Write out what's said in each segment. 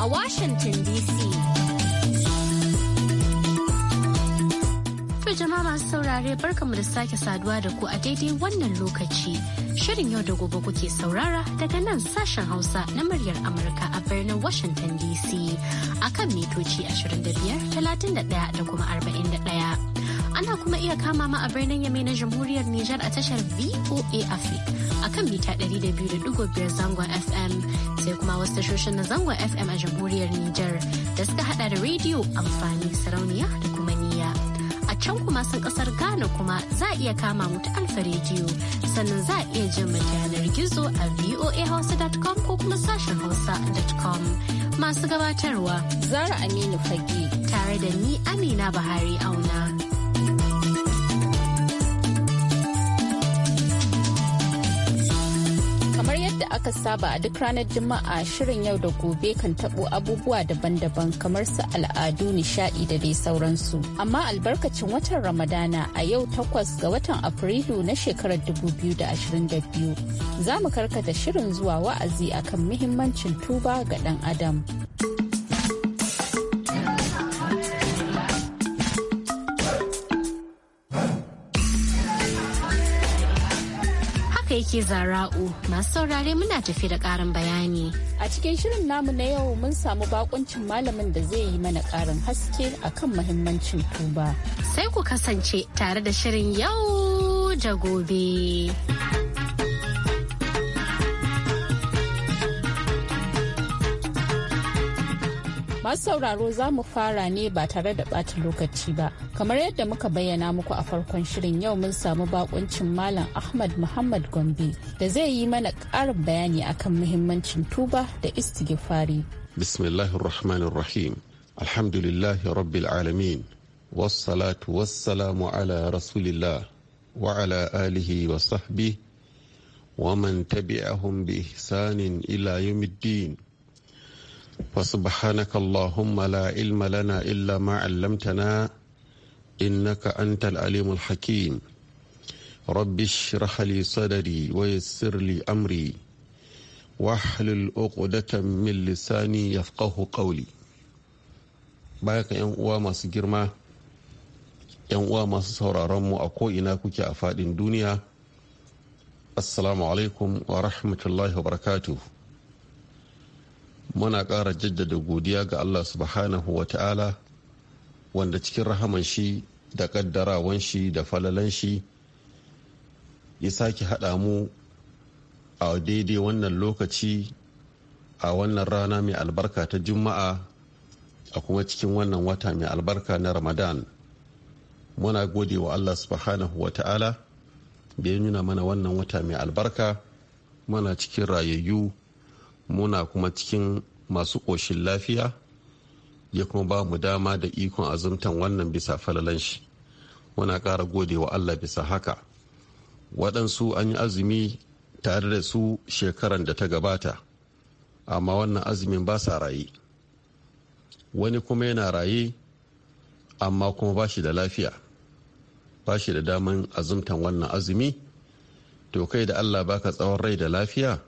a Washington DC. To jama'a masu saurare barkamu da sake saduwa da ku a daidai wannan lokaci. Shirin yau da gobe kuke saurara daga nan sashen Hausa na muryar Amurka a birnin Washington DC akan mitoci 25, 31 da kuma 41. ana kuma iya kama ma a birnin yamai na jamhuriyar Nijar a tashar VOA Africa a kan mita 200.5 zangon FM sai kuma wasu tashoshin na zangon FM a jamhuriyar Nijar da suka hada da rediyo amfani sarauniya da kuma niyya A can kuma sun kasar Ghana kuma za a iya kama mutu alfa rediyo sannan za a iya jin mu yanar gizo a voahausa.com ko kuma sashen hausa.com. Masu gabatarwa Zara Aminu Fage tare da ni Amina buhari Auna. aka saba a duk ranar Juma'a shirin yau da gobe kan tabo abubuwa daban-daban kamar su al'adu, nishadi da dai sauransu. Amma albarkacin watan Ramadana a yau takwas ga watan Afrilu na shekarar 2022 za mu karkata shirin zuwa wa'azi akan muhimmancin tuba ga ɗan adam. yake zara'u masu saurare muna tafi da karin bayani. A cikin shirin namu na yau mun samu bakuncin malamin da zai yi mana karin haske akan mahimmancin tuba. Sai ku kasance tare da shirin yau da gobe. Masu sauraro za mu fara ne ba tare da ɓata lokaci ba. Kamar yadda muka bayyana muku a farkon shirin yau mun samu bakuncin Malam Ahmad Muhammad Gombe da zai yi mana ƙarin bayani akan muhimmancin tuba da istighfari. Bismillahirrahmanirrahim. Alhamdulillahi rabbil alamin. Wassalatu wassalamu ala rasulillah wa ala alihi wa sahbihi ومن tabi'ahum bi ihsanin يوم الدين وسبحانك اللهم لا علم لنا إلا ما علمتنا إنك أنت العليم الحكيم رب اشرح لي صدري ويسر لي أمري واحلل عقدة من لساني يفقه قولي bayan yan uwa masu yan uwa masu sauraron mu a ko'ina kuke a fadin duniya assalamu alaikum wa rahmatullahi wa barakatuh muna ƙara jaddada godiya ga allah subhanahu wa ta'ala wanda cikin rahaman shi da ƙaddarawan shi da falalan shi ya sake haɗa mu a daidai wannan lokaci a wannan rana mai albarka ta juma'a a kuma cikin wannan wata mai albarka na ramadan muna gode wa allah subhanahu wa ta'ala da ya nuna mana wannan wata mai albarka muna cikin rayayyu muna kuma cikin masu ƙoshin lafiya ya kuma ba mu dama da ikon azumtan wannan bisa falalan shi muna ƙara gode wa allah bisa haka waɗansu an yi azumi tare da su shekaran da ta gabata amma wannan azumin ba sa raye wani kuma yana raye amma kuma ba shi da lafiya ba shi da daman azumtan wannan azumi to kai da allah baka tsawon rai da lafiya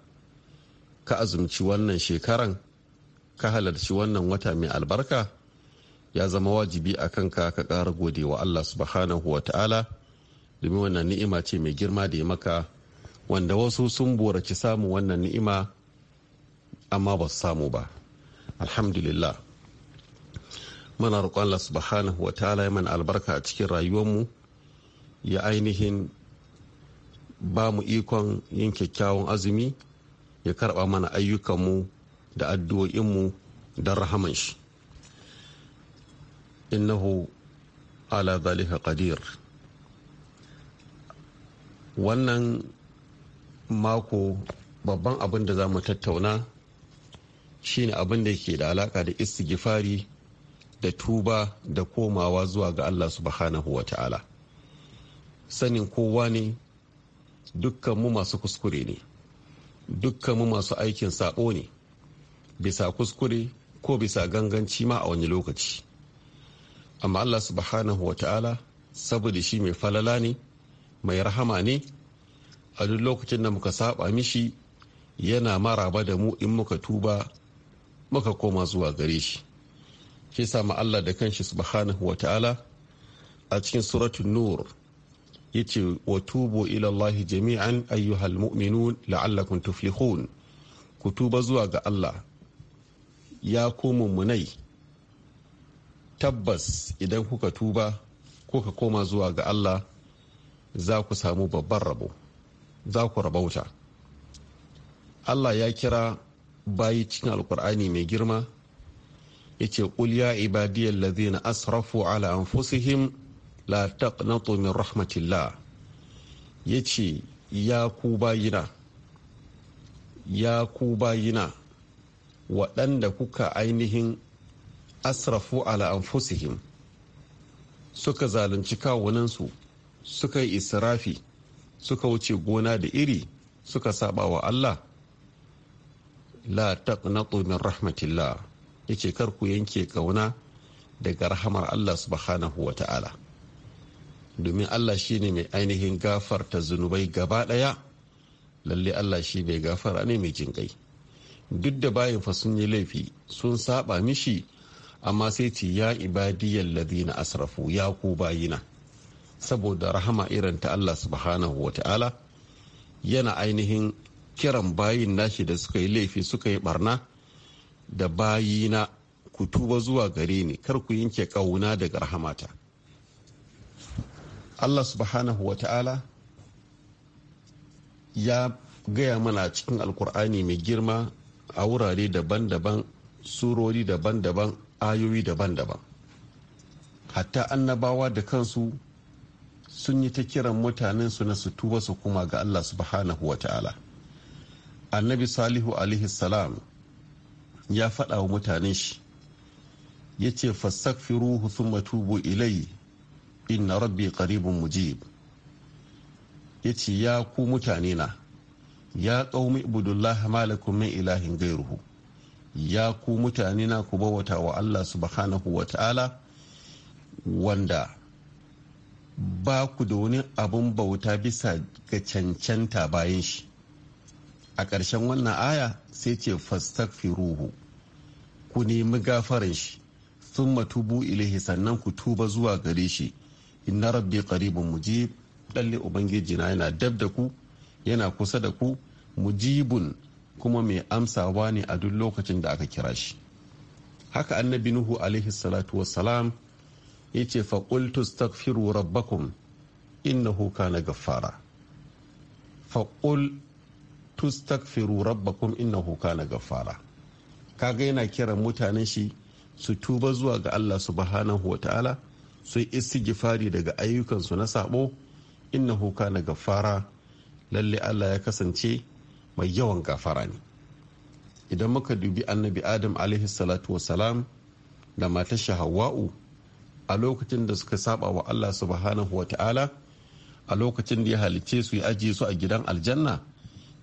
ka azumci wannan shekaran ka halarci wannan wata mai albarka ya zama wajibi a kanka ka ƙara gode wa allah subhanahu wa ta'ala domin wannan ni'ima ce mai girma da ya maka wanda wasu sun boraci samu wannan ni'ima amma ba su samu ba alhamdulillah muna roƙon allah subhanahu wa ta'ala ya mana albarka a cikin rayuwarmu ya ainihin ba mu ikon yin kyakkyawan azumi ya karɓa mana ayyukanmu da addu'o'inmu don rahaman shi innahu ala zalika qadir wannan mako babban abin da za mu tattauna shine abin da ke da alaka da istighfari da tuba da komawa zuwa ga Allah subhanahu wa ta'ala sanin kowa ne dukkanmu masu kuskure ne dukkanmu masu aikin sabo ne bisa kuskure ko bisa ganganci ma a wani lokaci amma allah subhanahu wa ta'ala saboda shi mai falala ne mai rahama ne a duk lokacin da muka saba mishi yana maraba da mu in muka tuba muka koma zuwa gare shi shi sama allah da kanshi subhanahu wa ta'ala a cikin suratun nur ya ce wa tubo ilallahi jami'an ayyuhal mu'minun la'allakum tuflihun ku tuba zuwa ga Allah ya ku mummunai tabbas idan kuka tuba kuka koma zuwa ga Allah za ku samu babban rabo za ku rabauta Allah ya kira bayi cikin alkur'ani mai girma ya ce ya ibadiyar lazina asrafu ala anfusihim la taqnatu min rahmatillah yace ya ku bayina ya ku bayina waɗanda kuka ainihin asrafu ala anfusihim suka zalunci kawunansu suka yi israfi suka wuce gona da iri suka saba wa Allah la taqnatu min rahmatillah yace kar ku yanke kauna daga rahamar Allah subhanahu wa ta'ala domin allah shine mai ainihin gafarta zunubai gaba daya lalle allah shi mai gafara ne mai jin duk da bayan fa sun yi laifi sun saba mishi amma sai ce ya ibadiyar ladina asrafu ya ku bayina saboda rahama irin ta allah subhanahu wa ta'ala yana ainihin kiran bayin nashi da suka yi laifi suka yi barna da bayina ku tuba zuwa gare ni kar ku yanke kauna daga rahamata allah subhanahu wa ta'ala ya gaya mana cikin alkur'ani mai girma a wurare daban-daban surori daban-daban ayoyi daban-daban hatta annabawa da kansu sun yi ta kiran mutanensu na su tuba su kuma ga allah subhanahu wa ta'ala annabi salihu alaihi salam ya faɗa wa mutanen shi ya ce fassafiruhu sun matubu ilai inna rabbi qaribun mujib yace ya ku mutane na ya ƙaumi ibudullahi malakun min ilahin gairuhu ya ku mutane na ku bawata wa Allah subhanahu wa ta'ala wanda ba ku da wani abun bauta bisa ga cancanta bayan shi a ƙarshen wannan aya sai ce fastaghfiruhu ku nemi gafaran shi sun matubu ilahi sannan ku tuba zuwa gare shi inna rabbi qaribun mujib dalle ubangiji na yana dab da ku yana kusa da ku mujibun kuma mai amsawa ne a duk lokacin da aka kira shi haka annabi nuhu alaihi salatu wassalam ya ce qultu astaghfiru rabbakum innahu kana gaffara qul tustaghfiru rabbakum innahu kana gaffara kaga yana kiran mutanen shi su tuba zuwa ga Allah subhanahu wa ta'ala isi gifari daga ayyukansu na sabo innahu kana gafara lalle Allah ya kasance mai yawan gafara ne idan muka dubi annabi adam alaihi salatu wasalam da matar hawa'u a lokacin da suka saba wa Allah subhanahu wa ta'ala a lokacin da ya halice su ya ajiye su a gidan aljanna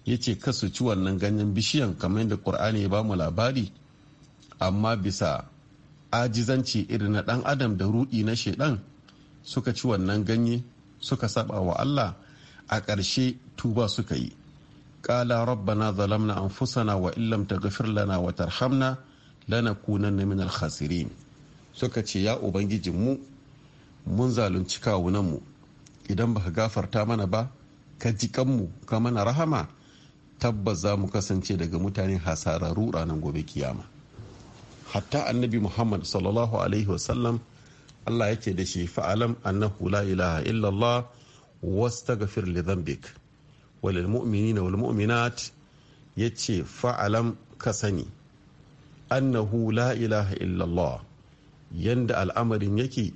ya ce kasu ci wannan ganyen bishiyan kamar yadda ƙur'ani ya bamu labari amma bisa ajizanci irin na ɗan adam da ruɗi na shaidan suka ci wannan ganye suka saba wa Allah a ƙarshe tuba suka yi ƙala rabbana zalamna anfusana wa illam taghfir lana wa tarhamna lanakunanna min al-khasirin suka ce ya ubangijin mu mun zalunci kawunan mu idan baka gafarta mana ba ka ji kanmu ka mana rahama tabbas za mu kasance daga mutane hasararru ranar gobe kiyama hatta annabi muhammad sallallahu alaihi wasallam allah yake da shi fa'alam annahu la ilaha illallah wastaghfir li dhanbik walil mu'minina wal mu'minat yace fa'alam ka sani annahu la ilaha illallah yanda al'amarin yake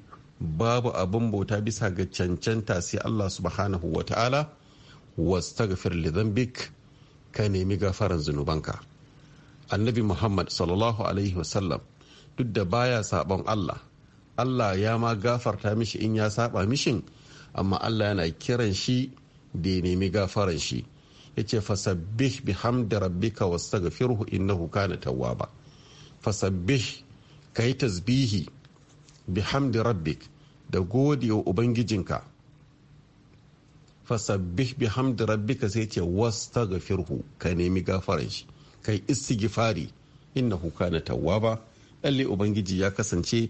babu abin bauta bisa ga cancanta sai Allah subhanahu wa ta'ala wastaghfir li dhanbik ka nemi gafaran zunubanka annabi muhammad sallallahu alaihi wasallam duk da baya sabon allah allah ya ma gafarta mishi in ya saba mishin amma allah yana kiran shi da ya nemi gafaran shi ya ce fasabbih bi hamdi rabbika wastaghfirhu innahu kana tawwaba fasabbih ka yi tasbihi bi hamdi rabbik da gode wa ubangijinka fasabbih bi hamdi rabbika sai ce firhu ka nemi gafaran shi kai istighfari na kana tawwaba lalle ubangiji ya kasance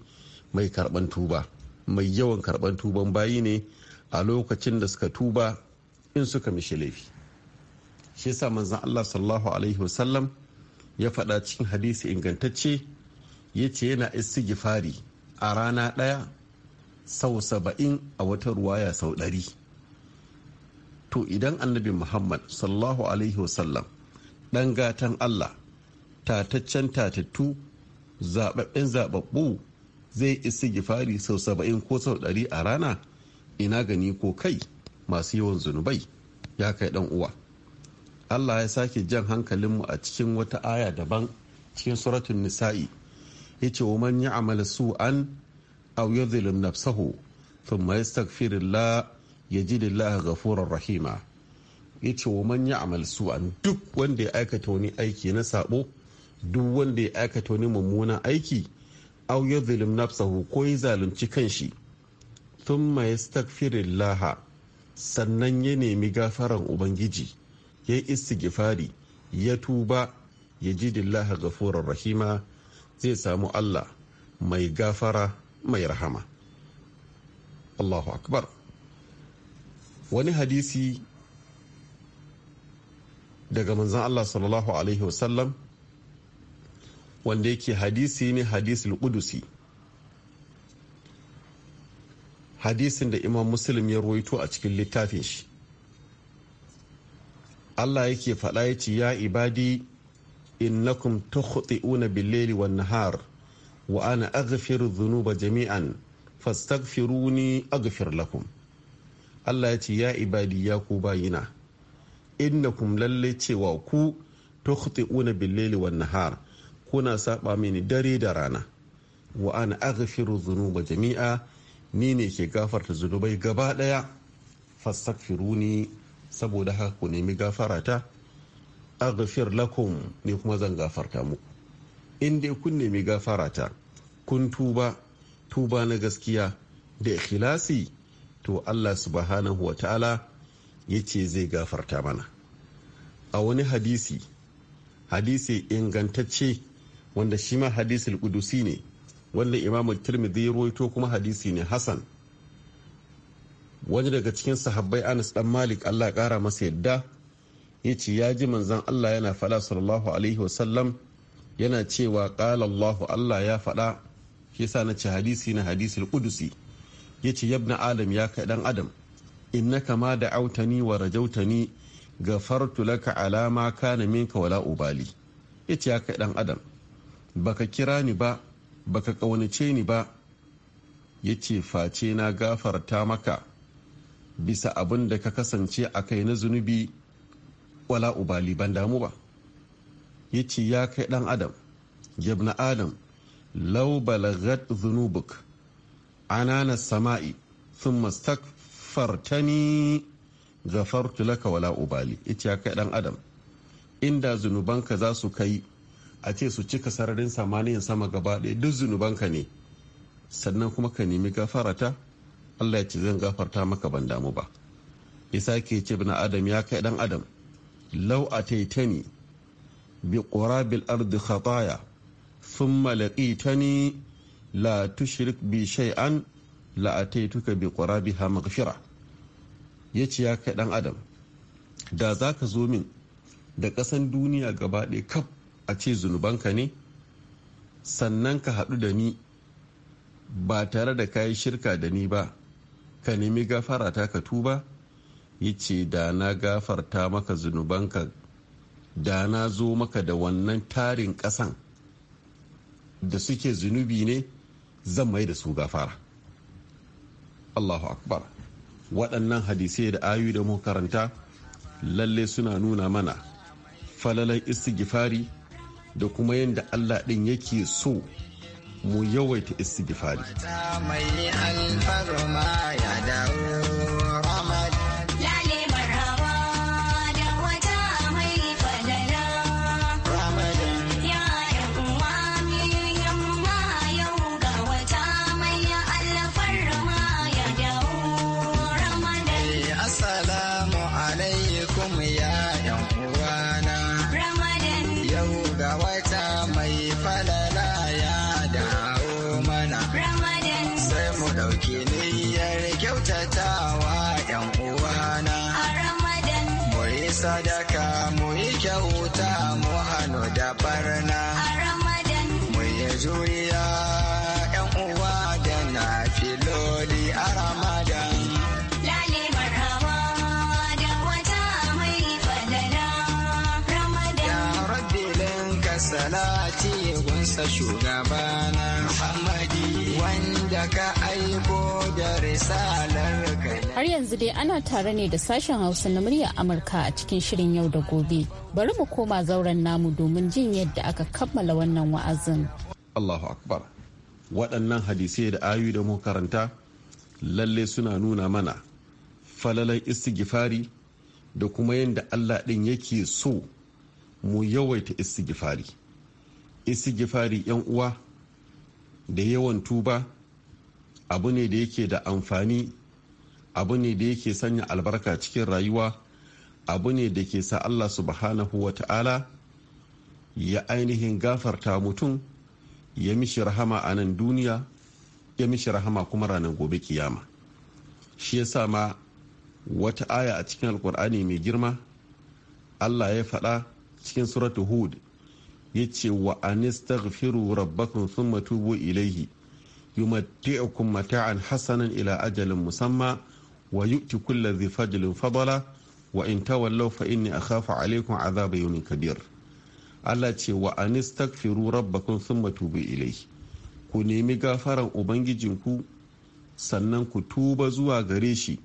mai karban tuba mai yawan karban tuban bayi ne a lokacin da suka tuba in suka mishi laifi shi yasa manzon Allah sallallahu alaihi wasallam ya faɗa cikin hadisi ingantacce ya ce yana istighfari a rana ɗaya sau saba'in a wata ruwaya sau ɗari to idan annabi muhammad sallallahu alaihi wasallam ɗan gatan Allah tataccen tatattu zaɓaɓɓen zaɓaɓɓu zai isa gifari sau saba'in ko sau ɗari a rana ina gani ko kai masu yawan zunubai ya kai ɗan uwa Allah ya sake jan hankalinmu a cikin wata aya daban cikin suratun nisa'i ya ce wa man su su'an aw yadhlim nafsahu thumma yastaghfirullah yajidillahu ghafurar rahima ya ce wa manya amal su'an duk wanda ya aikata wani aiki na sabo duk wanda ya aikata wani mummunan aiki au ya zalim nafsahu ko ya zalunci kanshi thumma laha sannan ya nemi gafaran ubangiji ya yi istighfari ya tuba ya ji dillaha gafuran rahima zai samu Allah mai gafara mai rahama Allahu akbar wani hadisi daga manzon Allah sallallahu alaihi wasallam wanda yake hadisi ne hadisul kudusi hadisin da imam muslim ya ruwaito a cikin littafin shi Allah yake faɗa ya ce ya ibadi innakum tukhti'una bil-laili wan-nahar wa ana aghfiru dhunuba jami'an fastaghfiruni aghfir lakum Allah ya ce ya ibadi ya ku bayina innakum lalle cewa ku tukhti'una una billeli wan-nahar kuna saba mini dare da rana wa ana aghfiru dhunuba jami'a ni ne ke gafarta zunubai gaba daya fastaghfiruni saboda haka ku nemi gafarata aghfir lakum ni kuma zan gafarta mu in dai kun nemi gafarata kun tuba tuba na gaskiya da ikhlasi to Allah subhanahu wa ta'ala yace zai gafarta mana a wani hadisi hadisi ingantacce wanda shi ma hadisul kudusi ne wanda imamu tirmidhi ruwaito kuma hadisi ne hasan wani daga cikin sahabbai anas dan malik allah ya kara masa yadda ya ce ya ji manzan allah yana faɗa sallallahu alaihi wasallam yana cewa ƙala allahu allah ya faɗa shi sa na ce hadisi na hadisul kudusi ya ce yabna adam ya kai dan adam innaka kama da autani wa rajautani gafartu laka alama kana minka wala ubali yace ya kai dan adam baka kira ni ba baka kaunace ni ba yace face na gafarta maka bisa abin da ka kasance a kai na zunubi wala ubali ban damu ba yace ya kai dan adam yabna adam lau balagat zunubuk anana sama'i sun fartani gafar laka wala ubali ita kai dan adam inda zunubanka za su kai a ce su cika sararin samaniyan sama gaba ɗaya duk zunubanka ne sannan kuma ka nemi gafarata allah ya ce zan gafarta maka ban damu ba isa ke ce bin adam ya kai dan adam lau a ni bi ƙorabil ardi khataya sun malaƙi ta ni la tushrik bi shay'an la a taituka bi hama maghfira ya ce ya kai dan adam da za ka zo min da ƙasan duniya gaba ɗaya kaf a ce zunubanka ne sannan ka haɗu da ni ba tare da kayi shirka da ni ba ka nemi gafara ta ka tuba ya ce da na gafarta maka zunubanka da na zo maka da wannan tarin ƙasan da suke zunubi ne zan mai da su gafara allahu akbar waɗannan hadisai da ayu da makaranta karanta lalle suna nuna mana falalan istigifari da kuma yadda Allah ɗin yake so mu yawaita istigifari. Har yanzu dai ana tare ne da sashen Hausa na murya Amurka a cikin shirin yau da gobe. Bari mu koma zauren namu domin jin yadda aka kammala wannan wa'azin. Allahu Akbar. Waɗannan hadisai da ayu da mu karanta lalle suna nuna mana falalan istigifari da kuma yadda Allah ɗin yake so mu yawaita istigifari. Istigifari 'yan uwa da yawan tuba abu ne da yake da amfani abu ne da yake sanya albarka cikin rayuwa abu ne da ke sa allah subhanahu wa ta'ala ya ainihin gafarta mutum ya mishi rahama a nan duniya ya mishi rahama kuma ranar gobe kiyama shi ya sa ma wata aya a cikin alkur'ani mai girma allah ya faɗa cikin suratu hud ya ce wa anistaghfiru rabbakum thumma tubu ilaihi yumatti'ukum mata'an hasanan ila ajalin musamma wa yu'ti kulli dhi fajlin fadala wa in tawallaw fa inni akhafu alaykum azaba yawmin kabir Allah ce wa anistaghfiru rabbakum thumma tubu ilayhi ku nemi gafaran ubangijinku sannan ku tuba zuwa gare shi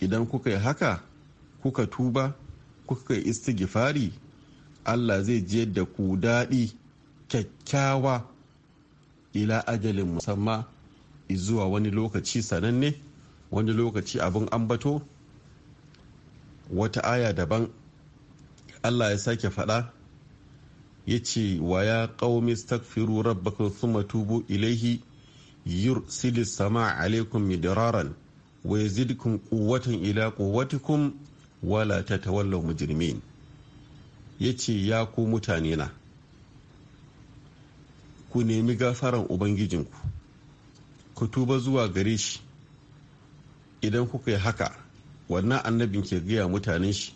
idan kuka yi haka kuka tuba kuka yi istigifari Allah zai je da ku daɗi kyakkyawa ila ajalin musamma zuwa wani lokaci sananne wani lokaci abin ambato wata aya daban allah ya sake faɗa ya ce wa ya ƙaumi stakfiru rabbakum suma tubu ilaihi silis sama alaikum midiraran wa ya yazidkum quwwatan ila quwwatikum wala mujirmin ya yace ya ku mutane na ku nemi gafaran ubangijinku ku tuba zuwa gare shi idan kuka yi haka wannan annabin ke gaya mutanen shi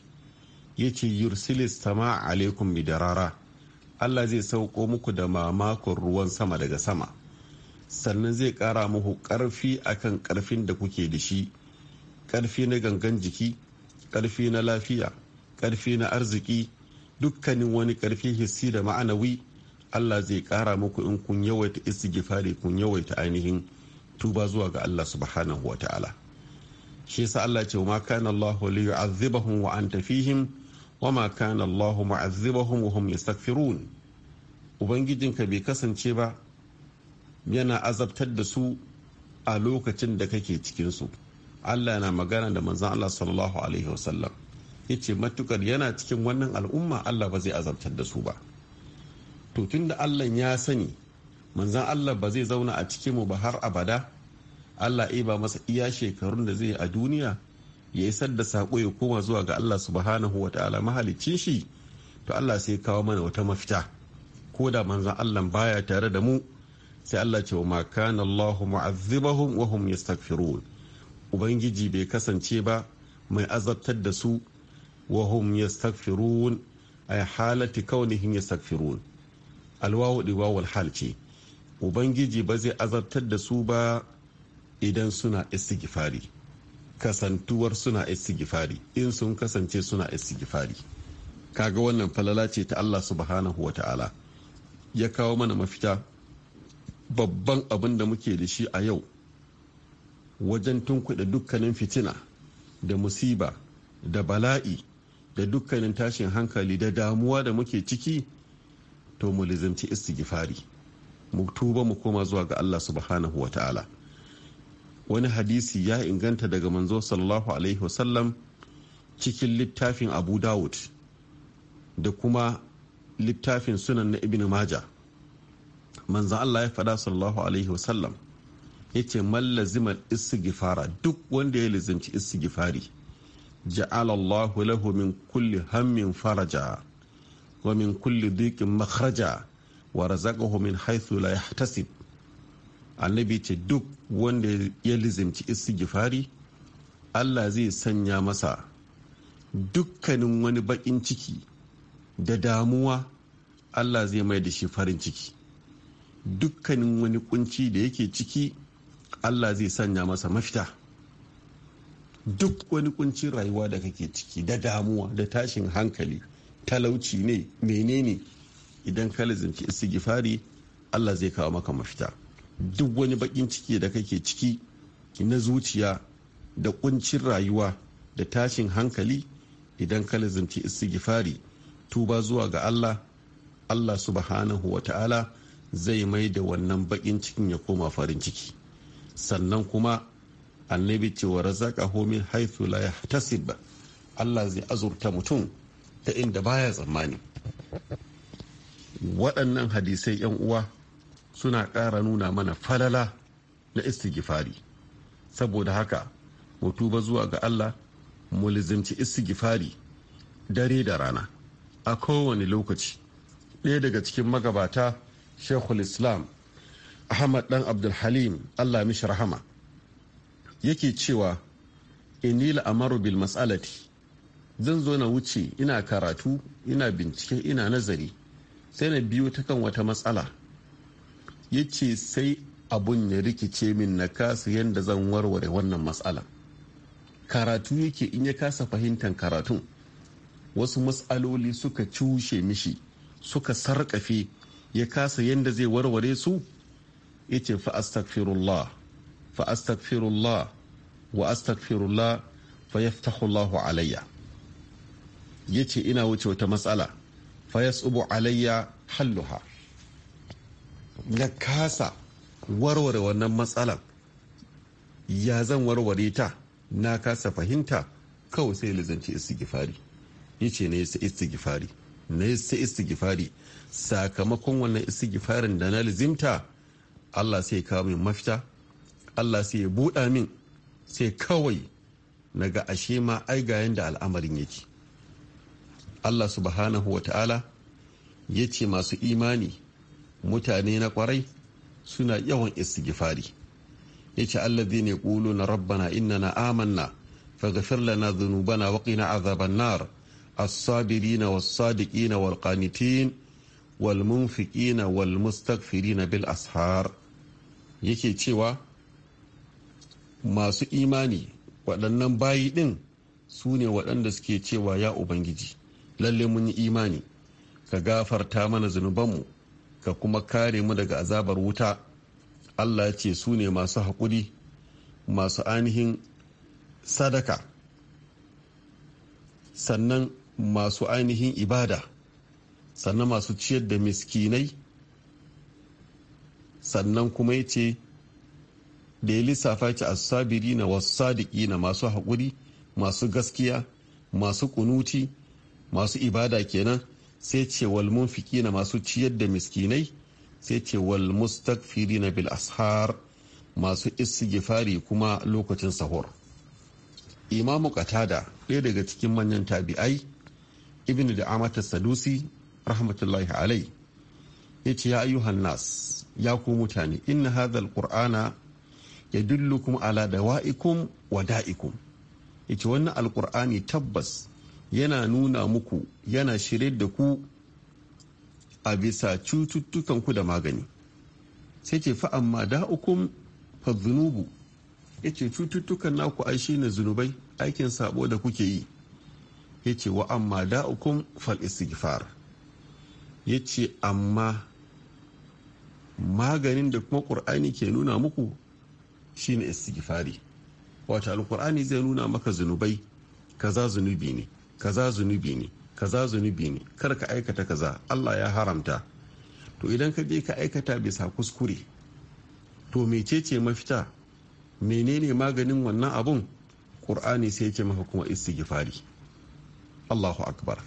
ya ce yursilis sama alaikum rara. allah zai sauko muku da mamakon ruwan sama daga sama sannan zai kara muku karfi akan ƙarfin da kuke da shi ƙarfi na gangan jiki ƙarfi na lafiya ƙarfi na arziki dukkanin wani karfi hissi da ma'anawi Allah zai kara muku in kun yawaita istighfari kun yawaita ainihin tuba zuwa ga Allah subhanahu wa ta'ala shi yasa Allah ce ma kana Allah li yu'adhibahum wa anta fihim wa ma kana Allah mu'adhibahum wa hum yastaghfirun ubangijinka bai kasance ba yana azabtar da su a lokacin da kake cikin su Allah na magana da manzon Allah sallallahu alaihi wasallam yace matukar yana cikin wannan al'umma Allah ba zai azabtar da su ba to da allah ya sani manzan allah ba zai zauna a cikinmu ba har abada allah ba masa iya shekarun da zai a duniya ya isar da saƙo ya koma zuwa ga allah subhanahu wa ta'ala mahalicin shi to allah sai kawo mana wata mafita ko da manzan allah baya tare da mu sai allah ce wa makana allahu mu'azzibahum wa hum yastaghfirun ubangiji bai kasance ba mai azabtar da su wa hum yastaghfirun ay halati kaunihim yastaghfirun alwawu wawal hal ce ubangiji ba zai azabtar da su ba idan suna istighfari kasantuwar suna istighfari in sun kasance suna istighfari kaga wannan falala ce ta Allah subhanahu wa ta'ala ya kawo mana mafita babban abin da muke da shi a yau wajen tunkuɗa dukkanin fitina da musiba da bala'i da dukkanin tashin hankali da damuwa da muke ciki to mu lizimci istighfari mu tuba mu koma zuwa ga Allah subhanahu wa ta'ala wani hadisi ya inganta daga manzo sallallahu alaihi wasallam cikin littafin abu dawud da kuma littafin sunan na ibn maja manzo allah ya faɗa sallallahu alaihi wasallam ya ce mallazimar istighfara duk wanda ya lizimci istighfari ja'alallahu lahu min kulli hammin faraja wa min kulli dikin makhraja wa razaqahu min haythu la yahtasib annabi ce duk wanda ya lizimci istighfari Allah zai sanya masa dukkanin wani bakin ciki da damuwa Allah zai mai da shi farin ciki dukkanin wani kunci da yake ciki Allah zai sanya masa mafita duk wani kuncin rayuwa da kake ciki da damuwa da tashin hankali talauci ne menene idan ka lazimci istighfari Allah zai kawo maka mafita duk wani bakin ciki da kake ciki na zuciya da kuncin rayuwa da tashin hankali idan ka lazimci istighfari tuba zuwa ga Allah Allah subhanahu wa ta'ala zai mai da wannan bakin cikin ya koma farin ciki sannan kuma annabi cewa razaqahu homin haythu la yahtasib Allah zai azurta mutum ta inda baya tsammani waɗannan hadisai 'yan uwa suna ƙara nuna mana falala na istigifari saboda haka mu tuba zuwa ga Allah mu lizimci istigifari dare da rana a kowane lokaci ɗaya daga cikin magabata shekul islam ahmad dan abdulhalim allah mishi rahama yake cewa inila amaru bil mas'alati zan zo na wuce ina karatu ina bincike ina nazari sai na biyo ta kan wata matsala ya ce sai abun ya rikice min na kasa yadda zan warware wannan matsala karatu yake in ya kasa fahimtar karatun wasu matsaloli suka cushe mishi suka sarkafe ya kasa yadda zai warware su ya ce fa'astagfirullah fa'astagfirullah wa astagfirullah fa yaftahu alayya ya ce ina wuce wata matsala fayas ubu alayya halluha na kasa warware wannan matsalan ya zan warware ta na kasa fahimta kawai sai lizanci istigifari ya ce na yasa istigifari na yasa istigifari sakamakon wannan istigifarin da na lizimta allah sai kawo min mafita allah sai ya buɗa min sai kawai na ga ashe ma ai ga yanda al'amarin yake allah subhanahu wa ta'ala ya ce masu imani mutane na kwarai suna yawan istighfari ya ce allazi ne ƙulu na rabbana na amanna faghfir lana dhunubana wa qina azaban nar as-sabirina was-sadiqina wal-qanitin wal-munfiqina wal-mustaghfirina bil ashar yake cewa masu imani waɗannan bayi ɗin su ne waɗanda suke cewa ya ubangiji lalle mun yi imani ka gafarta mana zunubanmu ka kuma kare mu daga azabar wuta allah ce su ne masu haƙuri masu ainihin sadaka sannan masu ainihin ibada sannan masu ciyar da miskinai sannan kuma ya ce da ya lissafa ce sabiri na wasu sadiki na masu haƙuri masu gaskiya masu kunuti masu ibada kenan sai ce wal na masu ciyar da miskinai sai ce wal na bil ashar masu istighfari kuma lokacin sahur imamu qatada ɗaya daga cikin manyan tabi'ai ibn da amata sadusi rahmatullahi alai ya ce ya ayyuhan nas ya ku mutane inna ya dullu kuma ala dawa'ikum wa da'ikum ya ce wannan alqur'ani tabbas yana nuna muku yana shirye da ku a bisa ku da magani sai ce fa amma da'ukum fa ya ce cututtukan naku ai shi ne zunubai aikin sabo da kuke yi ya ce wa amma da'ukum fal istighfar ya ce amma maganin da kuma ƙur'ani ke nuna muku shi ne istighfari wato alƙur'ani zai nuna maka zunubai kaza zunubi ne kaza zunubi ne kaza zunubi ne kar ka aikata kaza Allah ya haramta to idan ka je ka aikata bisa kuskure to mecece mafita menene maganin wannan abun ƙur'ani sai ce maka kuma istighfari Allahu akbar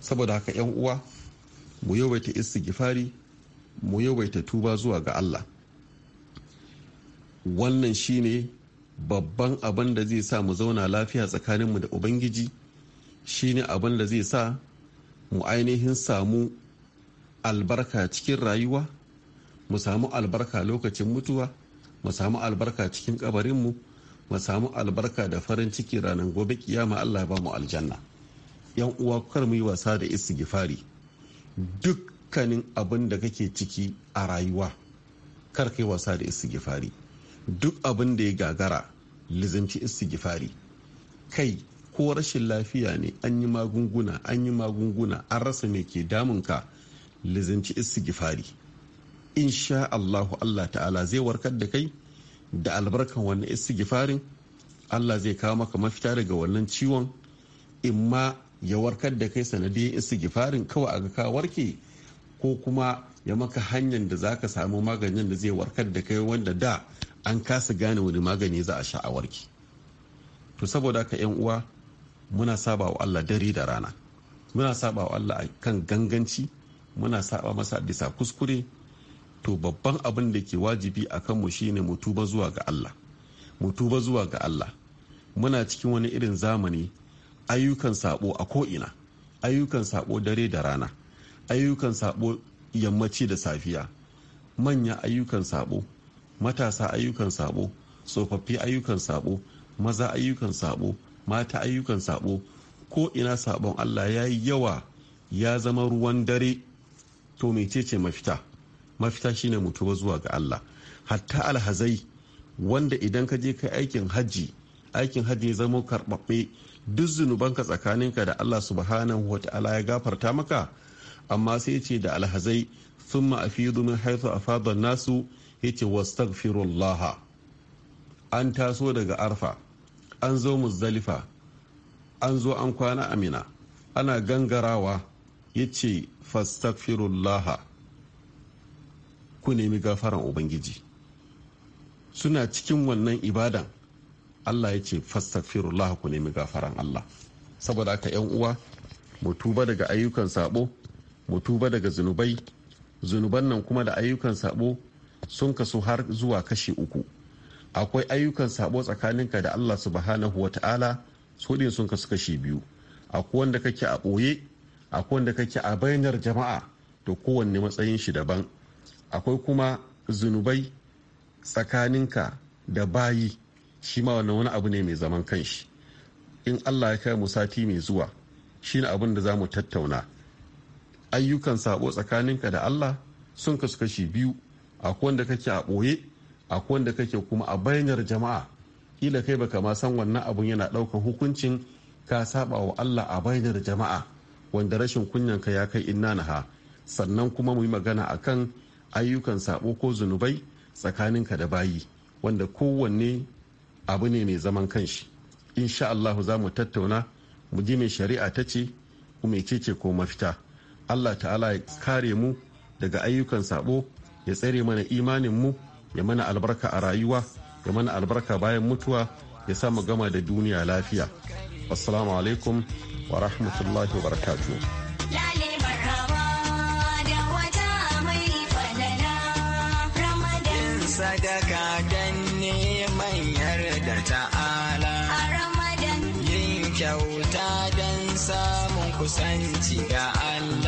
saboda haka yan uwa mu yawaita istighfari mu yawaita tuba zuwa ga Allah wannan shine babban abin da zai sa mu zauna lafiya tsakaninmu da ubangiji Shi ne abin da zai sa mu ainihin samu albarka cikin rayuwa mu samu albarka lokacin mutuwa mu samu albarka cikin kabarinmu mu samu albarka da farin ciki ranar gobe kiyama Allah ba mu aljanna yan uwa kar mu yi wasa da gifari dukkanin abin da kake ciki a rayuwa kar yi wasa da gifari duk abin da ya gagara lizimci gifari kai ko rashin lafiya ne an yi magunguna an yi magunguna an rasa mai ke damunka lizinci istighfari insha Allahu Allah ta'ala zai warkar da kai da albarkan wannan istighfarin Allah zai kawo maka mafita daga wannan ciwon imma ya warkar da kai sanadiyar istighfarin kawai a ga ka warke ko kuma ya maka hanyar da za ka samu maganin da zai warkar da kai wanda da an kasa gane wani magani za a sha a warke to saboda ka yan uwa muna saba wa Allah dare da rana muna saba wa Allah kan ganganci muna saba masa bisa kuskure to babban abin da ke wajibi a kanmu shine mu tuba zuwa ga Allah mu tuba zuwa ga Allah muna cikin wani irin zamani ayyukan sabo a ko'ina ayyukan sabo dare da rana ayyukan sabo yammaci da safiya manya ayyukan sabo matasa ayyukan sabo tsofaffi ayyukan sabo maza ayyukan sabo mata ayyukan sabo ko ina sabon allah ya yi yawa ya zama ruwan dare to mecece mafita mafita shine mu zuwa ga allah hatta alhazai wanda idan ka je kai aikin hajji aikin hajji zama karɓaɓɓe duk zunubanka tsakaninka da allah subhanahu wa ta'ala ya gafarta maka amma sai ce da alhazai sun ma'afidu min haithu a nasu ya ce an taso daga arfa an zo muzdalifa an zo an kwana amina ana gangarawa ya ce fastafirullaha ku nemi gafaran ubangiji suna cikin wannan ibadan allah ya ce fastafirullaha ku nemi gafaran allah saboda aka yan uwa mu tuba daga ayyukan sabo mu tuba daga zunubai zunuban nan kuma da ayyukan sabo sun kasu har zuwa kashi uku akwai ayyukan sabo tsakaninka da allah subhanahu wa ta'ala su sun kasu kashi biyu akwai wanda kake a boye akwai wanda kake a bainar jama'a to kowanne matsayin shi daban akwai kuma zunubai tsakaninka da bayi shi ma wannan wani abu ne mai zaman kanshi in allah ya kai mu sati mai zuwa shi ne abin da za mu tattauna ayyukan sabo tsakaninka da allah sun kasu kashi biyu akwai wanda kake a ɓoye a wanda kake kuma a bayanar jama'a kila kai baka ma san wannan abun yana daukan hukuncin ka saba wa Allah a bayanar jama'a wanda rashin kunyan ka ya kai inna naha sannan kuma mu yi magana akan ayyukan sabo ko zunubai ka da bayi wanda kowanne abu ne mai zaman kanshi insha Allah za mu tattauna mu ji mai shari'a ta ce mai ce ko mafita Allah ta'ala ya kare mu daga ayyukan sabo ya tsare mana imanin mu ya mana albarka a rayuwa ya mana albarka bayan mutuwa ya sa mu gama da duniya lafiya assalamu alaikum wa rahmatullahi wa barakatuh sadaka dan neman yardar ta'ala yin kyauta don samun kusanci ga Allah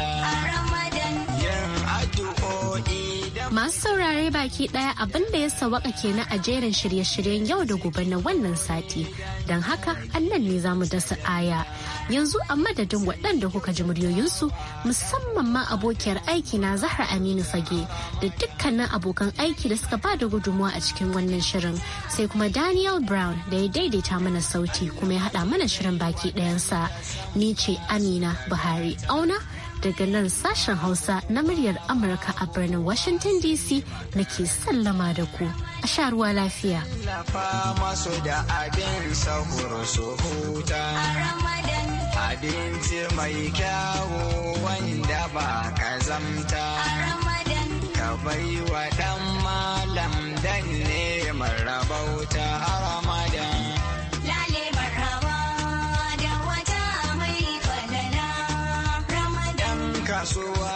masu saurare baki daya abinda ya sawaka kenan a jerin shirye-shiryen yau da gobe na wannan sati don haka annan ne za mu dasa aya yanzu a madadin waɗanda kuka ji muryoyinsu musamman ma abokiyar aiki na zahra aminu fage da dukkanin abokan aiki da suka ba da gudunmuwa a cikin wannan shirin sai kuma daniel brown da ya daidaita mana sauti kuma ya haɗa mana shirin baki ɗayansa ni ce amina buhari auna daga nan sashen Hausa na muryar Amurka a birnin Washington DC na ke sallama da ku a sha ruwa lafiya. masu da Abinci mai kyawu wanda ba kazamta. Ka bai wa ɗan malam dan ne marabauta. so